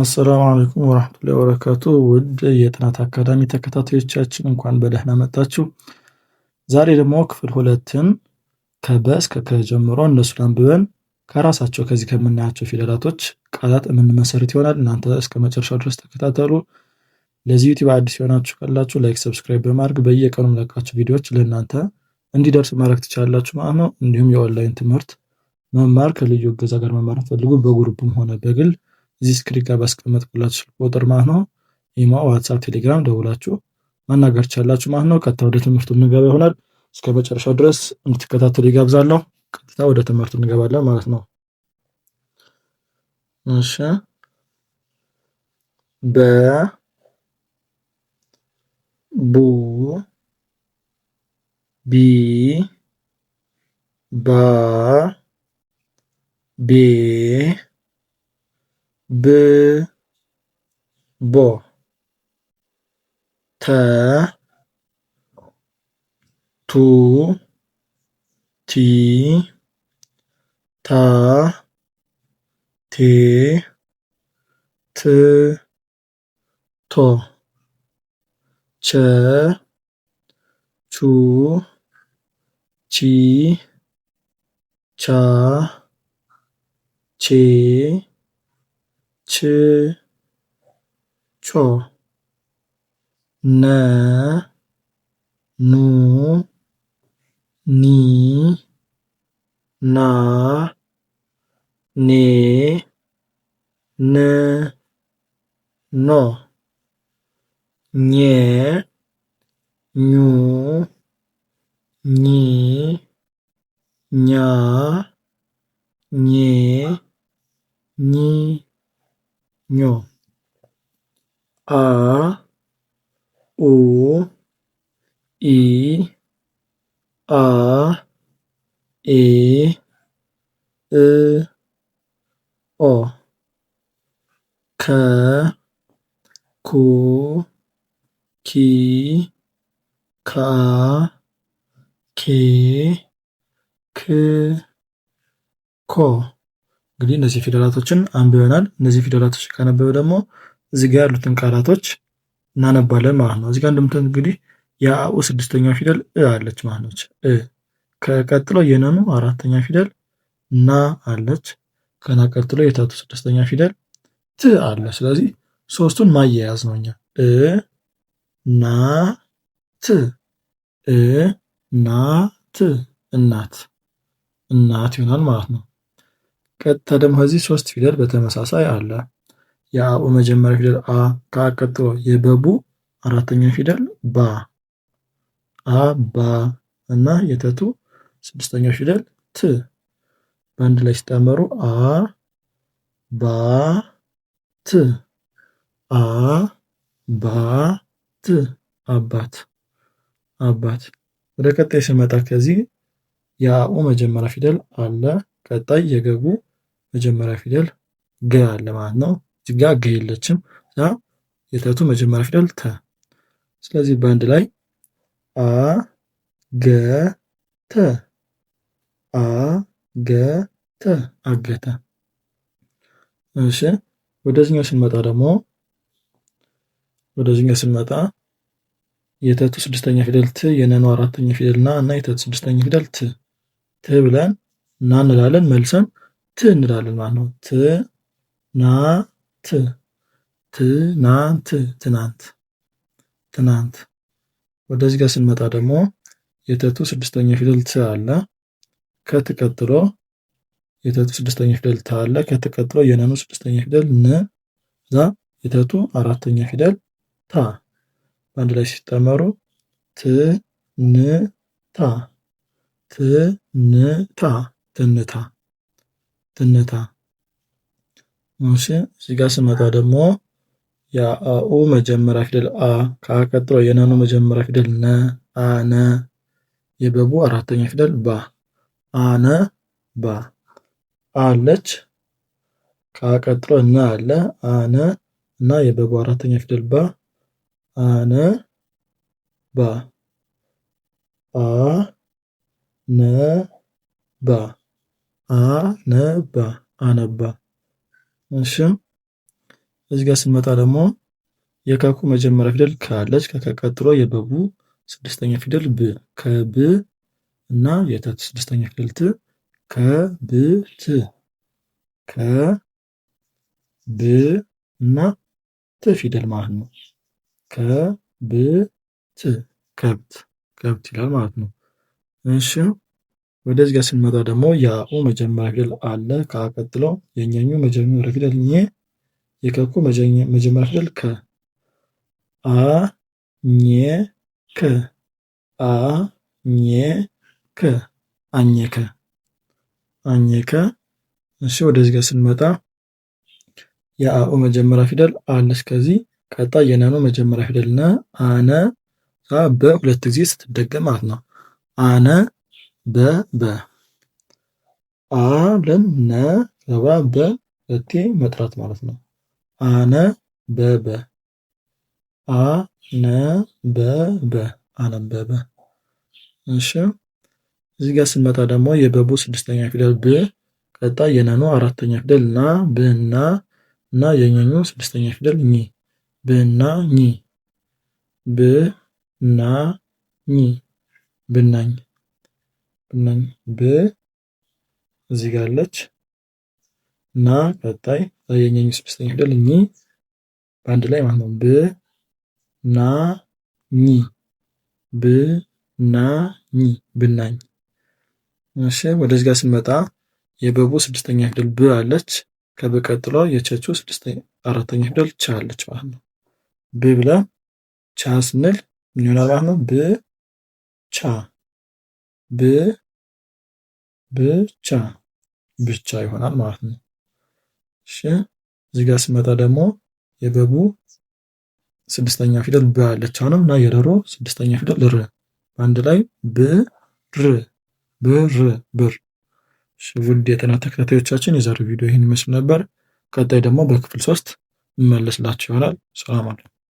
አሰላሙ አለይኩም ወራህመቱላሂ ወበረካቱ። ውድ የጥናት አካዳሚ ተከታታዮቻችን እንኳን በደህና መጣችሁ። ዛሬ ደግሞ ክፍል ሁለትን ከበ እስከ ከ ጀምሮ እነሱን አንብበን ከራሳቸው ከዚህ ከምናያቸው ፊደላቶች ቃላት የምንመሰርት ይሆናል። እናንተ እስከ መጨረሻው ድረስ ተከታተሉ። ለዚህ ዩቲዩብ አዲስ የሆናችሁ ካላችሁ ላይክ፣ ሰብስክራይብ በማድረግ በየቀኑ ለቃችሁ ቪዲዮዎች ለእናንተ እንዲደርስ ማድረግ ትችላላችሁ ማለት ነው። እንዲሁም የኦንላይን ትምህርት መማር ከልዩ እገዛ ጋር መማር ፈልጉ በጉሩብም ሆነ በግል እዚህ ስክሪን ጋር ባስቀመጥኩላችሁ ስልክ ቁጥር ማለት ነው ኢሞ፣ ዋትሳፕ፣ ቴሌግራም ደውላችሁ ማናገር ቻላችሁ ማለት ነው። ቀጥታ ወደ ትምህርቱ እንገባ ይሆናል። እስከ መጨረሻው ድረስ እንድትከታተሉ ይጋብዛለሁ። ቀጥታ ወደ ትምህርቱ እንገባለን ማለት ነው። እሺ በ ቡ ቢ ባ ቤ ብ ቦ ተ ቱ ቲ ታ ቴ ት ቶ ቸ ቹ ቺ ቻ ቼ ች ቾ ነ ኑ ኒ ና ኔ ን ኖ ኜ ኙ ኡ e, እንግዲህ እነዚህ ፊደላቶችን አንብበናል። እነዚህ ፊደላቶች ካነበብን ደግሞ እዚህ ጋ ያሉትን ቃላቶች እናነባለን ማለት ነው። እዚህ ጋር እንደምታዩት እንግዲህ የአኡ ስድስተኛው ፊደል እ አለች ማለት ነች። እ ከቀጥሎ የነኑ አራተኛ ፊደል ና አለች። ከና ቀጥሎ የታቱ ስድስተኛ ፊደል ት አለ። ስለዚህ ሶስቱን ማያያዝ ነው እኛ እ ና ት እ ና ት እናት እናት ይሆናል ማለት ነው። ቀጥታ ደግሞ ከዚህ ሶስት ፊደል በተመሳሳይ አለ። የአኡ መጀመሪያ ፊደል አ፣ ታ ቀጥሎ የበቡ አራተኛ ፊደል ባ አ ባ እና የተቱ ስድስተኛ ፊደል ት በአንድ ላይ ሲጣመሩ አ ባ ት አ ባ ት አባት አባት። ወደ ቀጣይ ስመጣ ከዚህ የአኡ መጀመሪያ ፊደል አለ። ቀጣይ የገቡ መጀመሪያ ፊደል ገ አለ ማለት ነው። እዚህ ጋ ገ የለችም እና የተቱ መጀመሪያ ፊደል ተ። ስለዚህ በአንድ ላይ አ ገ ተ አ ገ ተ አገተ። እሺ ወደዚህኛው ስንመጣ ደግሞ ወደዚህኛው ስንመጣ የተቱ ስድስተኛ ፊደል ት የነኑ አራተኛ ፊደል ና እና የተቱ ስድስተኛ ፊደል ት ት ብለን ና እንላለን መልሰን ት እንላለን ማለት ነው። ት ና ት ትናንት ትናንት ትናንት ወደዚህ ጋር ስንመጣ ደግሞ የተቱ ስድስተኛ ፊደል ት አለ። ከት ቀጥሎ የተቱ ስድስተኛ ፊደል ት አለ። ከት የነኑ ስድስተኛ ፊደል ን ዛ የተቱ አራተኛ ፊደል ታ በአንድ ላይ ሲጠመሩ ት ን ታ ትንታ ትንታ ትንታ እሺ እዚህ ጋር ስመጣ ደግሞ የአኡ መጀመሪያ ፊደል አ ከአ የነኑ መጀመሪያ ፊደል ነ አነ የበቡ አራተኛ ፊደል ባ አነ ባ አለች ከአ ቀጥሎ እና አለ አነ እና የበቡ አራተኛ ፊደል ባ አነ ባ አ ነ ባ አነባ አነባ እሺ እዚህ ጋር ስንመጣ ደግሞ የከኩ መጀመሪያ ፊደል ካለች ከከቀጥሎ የበቡ ስድስተኛ ፊደል ብ ከብ እና የታት ስድስተኛ ፊደል ት ከብት ከብ እና ት ፊደል ማለት ነው። ከብት ከብት ከብት ይላል ማለት ነው። እሺ ወደዚህ ጋር ስንመጣ ደግሞ የአኡ መጀመሪያ ፊደል አለ። ከአ የኛኙ መጀመሪያ ፊደል ኘ፣ የከኩ መጀመሪያ ፊደል ከ። አ ኘ ከ አ ኘ ከ አኘከ አኘከ። እሺ ወደዚህ ጋር ስንመጣ የአኡ መጀመሪያ ፊደል አለ። እስከዚህ ቀጣይ የናኑ መጀመሪያ ፊደል ነ አነ በሁለት ጊዜ ስትደገም ማለት ነው አነ በበ አለን ነ ረባ በ እቴ መጥራት ማለት ነው። አነ በበ አነ በበ አነበበ። እሺ እዚህ ጋር ስንመጣ ደግሞ የበቡ ስድስተኛ ፊደል ብ፣ ቀጣይ የነኑ አራተኛ ፊደል ና ብና እና የኘኙ ስድስተኛ ፊደል ኝ ብና ኝ ብና ኝ ብናኝ ብ እዚህ ጋር አለች እና ቀጣይ የእኛኝ ስድስተኛ ፊደል እኚ በአንድ ላይ ማለት ነው። ብ ና ኝ ብ ና ኝ ብናኝ። እሺ ወደዚህ ጋር ስንመጣ የበቡ ስድስተኛ ፊደል ብ አለች። ከበቀጥሎ የቸቹ ስድስተኛ አራተኛ ፊደል ቻ አለች ማለት ነው። ብ ብለን ቻ ስንል ምን ይሆናል ማለት ነው? ብ ቻ ብ ብቻ ብቻ ይሆናል ማለት ነው። እሺ እዚህ ጋር ስመጣ ደግሞ የበቡ ስድስተኛ ፊደል ብ አለች አሁንም እና የረሮ ስድስተኛ ፊደል ር አንድ ላይ ብር ብር ብር። ውድ የጥናት ተከታታዮቻችን የዛሬው ቪዲዮ ይህን ይመስል ነበር። ቀጣይ ደግሞ በክፍል ሶስት እመለስላችሁ ይሆናል። ሰላም አለይኩም።